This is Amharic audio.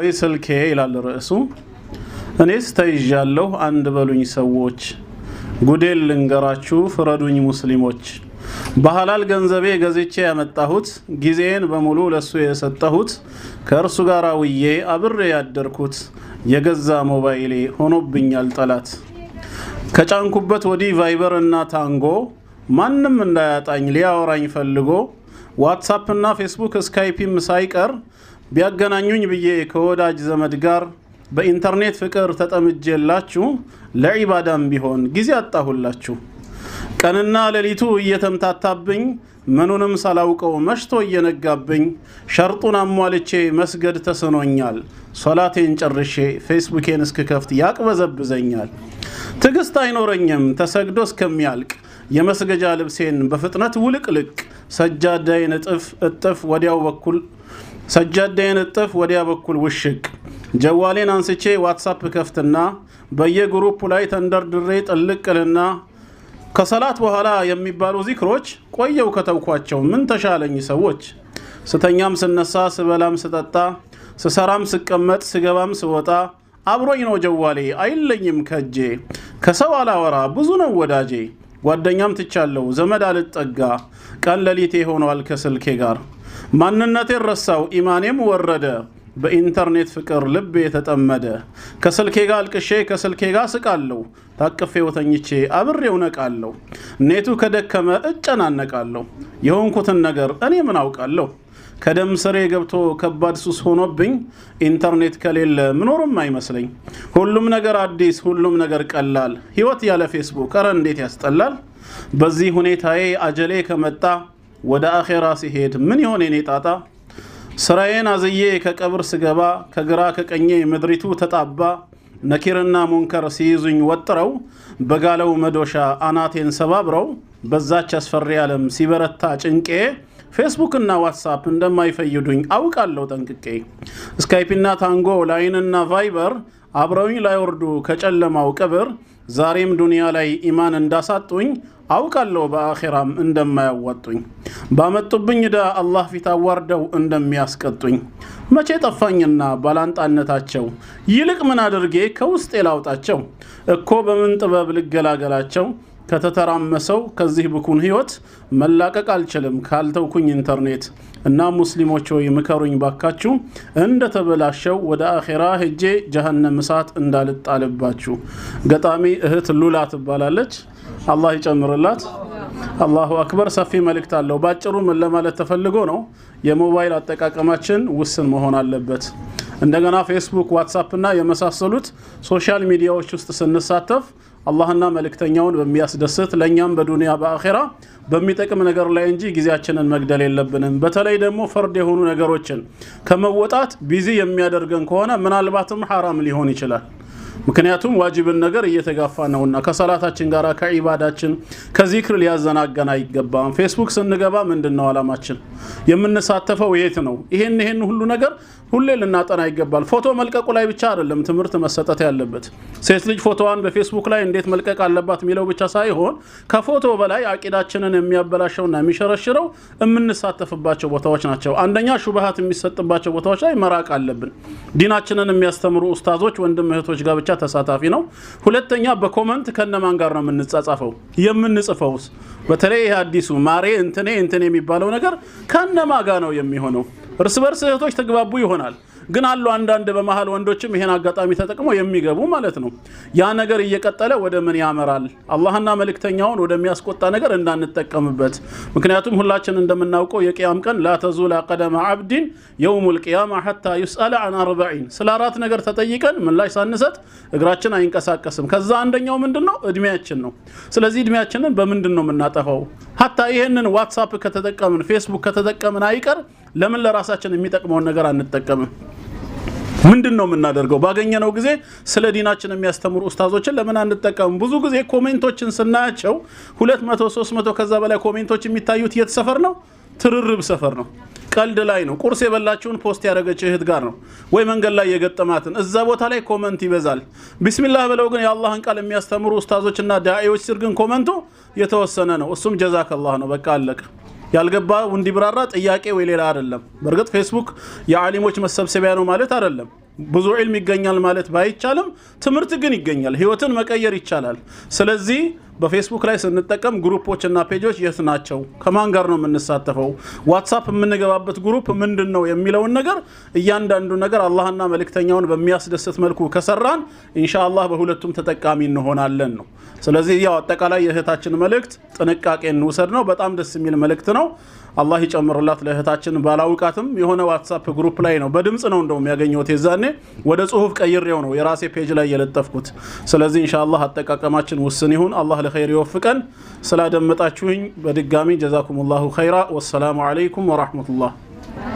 ወይ ስልኬ ይላል ርዕሱ። እኔስ ተይዣለሁ አንድ በሉኝ ሰዎች፣ ጉዴን ልንገራችሁ ፍረዱኝ ሙስሊሞች። በሐላል ገንዘቤ ገዝቼ ያመጣሁት፣ ጊዜን በሙሉ ለሱ የሰጠሁት፣ ከእርሱ ጋር ውዬ አብሬ ያደርኩት፣ የገዛ ሞባይሌ ሆኖብኛል ጠላት። ከጫንኩበት ወዲህ ቫይበር እና ታንጎ፣ ማንም እንዳያጣኝ ሊያወራኝ ፈልጎ፣ ዋትሳፕ እና ፌስቡክ ስካይፒም ሳይቀር ቢያገናኙኝ ብዬ ከወዳጅ ዘመድ ጋር በኢንተርኔት ፍቅር ተጠምጄላችሁ ለዒባዳም ቢሆን ጊዜ አጣሁላችሁ። ቀንና ሌሊቱ እየተምታታብኝ ምኑንም ሳላውቀው መሽቶ እየነጋብኝ ሸርጡን አሟልቼ መስገድ ተስኖኛል። ሶላቴን ጨርሼ ፌስቡኬን እስክከፍት ያቅበዘብዘኛል። ትግስት አይኖረኝም ተሰግዶ እስከሚያልቅ የመስገጃ ልብሴን በፍጥነት ውልቅልቅ ሰጃዳይን እጥፍ እጥፍ ወዲያው በኩል ሰጃዳዬን እጥፍ ወዲያ በኩል ውሽቅ ጀዋሌን አንስቼ ዋትሳፕ ከፍትና በየግሩፑ ላይ ተንደርድሬ ጥልቅልና ከሰላት በኋላ የሚባሉ ዚክሮች ቆየው ከተውኳቸው ምን ተሻለኝ ሰዎች ስተኛም ስነሳ ስበላም ስጠጣ ስሰራም ስቀመጥ ስገባም ስወጣ አብሮኝ ነው ጀዋሌ አይለኝም ከጄ ከሰው አላወራ ብዙ ነው ወዳጄ ጓደኛም ትቻለው ዘመድ አልጠጋ ቀን ለሊቴ ሆኗል ከስልኬ ጋር ማንነት ረሳው፣ ኢማኔም ወረደ። በኢንተርኔት ፍቅር ልቤ የተጠመደ ከስልኬ ጋር አልቅሼ ከስልኬ ጋር ስቃለሁ። ታቅፌ ወተኝቼ አብሬው ነቃለሁ። ኔቱ ከደከመ እጨናነቃለሁ። የሆንኩትን ነገር እኔ ምን አውቃለሁ? ከደም ስሬ ገብቶ ከባድ ሱስ ሆኖብኝ ኢንተርኔት ከሌለ ምኖርም አይመስለኝ። ሁሉም ነገር አዲስ፣ ሁሉም ነገር ቀላል። ህይወት ያለ ፌስቡክ ኧረ እንዴት ያስጠላል። በዚህ ሁኔታዬ አጀሌ ከመጣ ወደ አኼራ ሲሄድ ምን ይሆን የኔ ጣጣ? ስራዬን አዝዬ ከቀብር ስገባ ከግራ ከቀኜ ምድሪቱ ተጣባ ነኪርና ሙንከር ሲይዙኝ ወጥረው በጋለው መዶሻ አናቴን ሰባብረው በዛች አስፈሪ ዓለም ሲበረታ ጭንቄ ፌስቡክና ዋትሳፕ እንደማይፈይዱኝ አውቃለሁ ጠንቅቄ። ስካይፒና ታንጎ ላይንና ቫይበር አብረውኝ ላይወርዱ ከጨለማው ቅብር ዛሬም ዱንያ ላይ ኢማን እንዳሳጡኝ አውቃለሁ፣ በአኼራም እንደማያዋጡኝ ባመጡብኝ ዕዳ አላህ ፊት አዋርደው እንደሚያስቀጡኝ መቼ ጠፋኝና ባላንጣነታቸው፣ ይልቅ ምን አድርጌ ከውስጤ ላውጣቸው? እኮ በምን ጥበብ ልገላገላቸው? ከተተራመሰው ከዚህ ብኩን ህይወት መላቀቅ አልችልም ካልተውኩኝ ኢንተርኔት እና ሙስሊሞች ወይ ምከሩኝ ባካችሁ እንደተበላሸው ወደ አኼራ ሄጄ ጀሀነም እሳት እንዳልጣልባችሁ። ገጣሚ እህት ሉላ ትባላለች። አላህ ይጨምርላት። አላሁ አክበር። ሰፊ መልእክት አለው። ባጭሩ ምን ለማለት ተፈልጎ ነው? የሞባይል አጠቃቀማችን ውስን መሆን አለበት። እንደገና ፌስቡክ፣ ዋትሳፕ እና የመሳሰሉት ሶሻል ሚዲያዎች ውስጥ ስንሳተፍ አላህና መልእክተኛውን በሚያስደስት ለእኛም በዱንያ በአኼራ በሚጠቅም ነገር ላይ እንጂ ጊዜያችንን መግደል የለብንም። በተለይ ደግሞ ፈርድ የሆኑ ነገሮችን ከመወጣት ቢዚ የሚያደርገን ከሆነ ምናልባትም ሐራም ሊሆን ይችላል። ምክንያቱም ዋጅብን ነገር እየተጋፋ ነውና ከሰላታችን ጋር ከዒባዳችን ከዚክር ሊያዘናገን አይገባም። ፌስቡክ ስንገባ ምንድን ነው አላማችን? የምንሳተፈው የት ነው? ይሄን ይሄን ሁሉ ነገር ሁሌ ልናጠና ይገባል። ፎቶ መልቀቁ ላይ ብቻ አይደለም ትምህርት መሰጠት ያለበት። ሴት ልጅ ፎቶዋን በፌስቡክ ላይ እንዴት መልቀቅ አለባት የሚለው ብቻ ሳይሆን ከፎቶ በላይ አቂዳችንን የሚያበላሸውና የሚሸረሽረው የምንሳተፍባቸው ቦታዎች ናቸው። አንደኛ ሹብሃት የሚሰጥባቸው ቦታዎች ላይ መራቅ አለብን። ዲናችንን የሚያስተምሩ ኡስታዞች ወንድም እህቶች ጋር ብቻ ተሳታፊ ነው። ሁለተኛ በኮመንት ከነማን ጋር ነው የምንጻጻፈው የምንጽፈውስ? በተለይ ይህ አዲሱ ማሬ እንትኔ እንትኔ የሚባለው ነገር ከነማ ጋር ነው የሚሆነው? እርስ በርስ እህቶች ተግባቡ ይሆናል ግን አሉ አንዳንድ በመሀል ወንዶችም ይሄን አጋጣሚ ተጠቅመው የሚገቡ ማለት ነው። ያ ነገር እየቀጠለ ወደ ምን ያመራል? አላህና መልእክተኛውን ወደሚያስቆጣ ነገር እንዳንጠቀምበት። ምክንያቱም ሁላችን እንደምናውቀው የቅያም ቀን ላተዙላ ቀደመ አብዲን የውሙል ልቅያማ ሐታ ዩስአለ አን አርበዒን ስለ አራት ነገር ተጠይቀን ምላሽ ሳንሰጥ እግራችን አይንቀሳቀስም። ከዛ አንደኛው ምንድን ነው? እድሜያችን ነው። ስለዚህ እድሜያችንን በምንድን ነው የምናጠፋው? ሀታ ይህንን ዋትሳፕ ከተጠቀምን ፌስቡክ ከተጠቀምን አይቀር ለምን ለራሳችን የሚጠቅመውን ነገር አንጠቀምም? ምንድን ነው የምናደርገው? ባገኘነው ጊዜ ስለ ዲናችን የሚያስተምሩ ኡስታዞችን ለምን አንጠቀምም ብዙ ጊዜ ኮሜንቶችን ስናያቸው ሁለት መቶ ሶስት መቶ ከዛ በላይ ኮሜንቶች የሚታዩት የት ሰፈር ነው? ትርርብ ሰፈር ነው። ቀልድ ላይ ነው። ቁርስ የበላችውን ፖስት ያደረገች እህት ጋር ነው ወይ መንገድ ላይ የገጠማትን እዛ ቦታ ላይ ኮመንት ይበዛል። ቢስሚላህ ብለው ግን የአላህን ቃል የሚያስተምሩ ኡስታዞችና ዳኢዎች ስር ግን ኮመንቱ የተወሰነ ነው። እሱም ጀዛከላህ ነው። በቃ አለቀ። ያልገባ እንዲብራራ ጥያቄ ወይ ሌላ አይደለም። በእርግጥ ፌስቡክ የዓሊሞች መሰብሰቢያ ነው ማለት አይደለም። ብዙ ዒልም ይገኛል ማለት ባይቻልም ትምህርት ግን ይገኛል። ህይወትን መቀየር ይቻላል። ስለዚህ በፌስቡክ ላይ ስንጠቀም ግሩፖች እና ፔጆች የት ናቸው? ከማን ጋር ነው የምንሳተፈው? ዋትሳፕ የምንገባበት ግሩፕ ምንድን ነው የሚለውን ነገር እያንዳንዱ ነገር አላህና መልእክተኛውን በሚያስደስት መልኩ ከሰራን ኢንሻአላህ በሁለቱም ተጠቃሚ እንሆናለን ነው። ስለዚህ ያው አጠቃላይ የእህታችን መልእክት ጥንቃቄ እንውሰድ ነው። በጣም ደስ የሚል መልእክት ነው። አላህ ይጨምርላት ለእህታችን ባላውቃትም የሆነ ዋትሳፕ ግሩፕ ላይ ነው በድምፅ ነው እንደውም ያገኘሁት የዛኔ ወደ ጽሁፍ ቀይሬው ነው የራሴ ፔጅ ላይ የለጠፍኩት ስለዚህ ኢንሻአላህ አጠቃቀማችን ውስን ይሁን አላህ ለኸይር ይወፍቀን ስላደመጣችሁኝ በድጋሚ ጀዛኩሙላሁ ኸይራ ወሰላሙ አለይኩም ወራህመቱላህ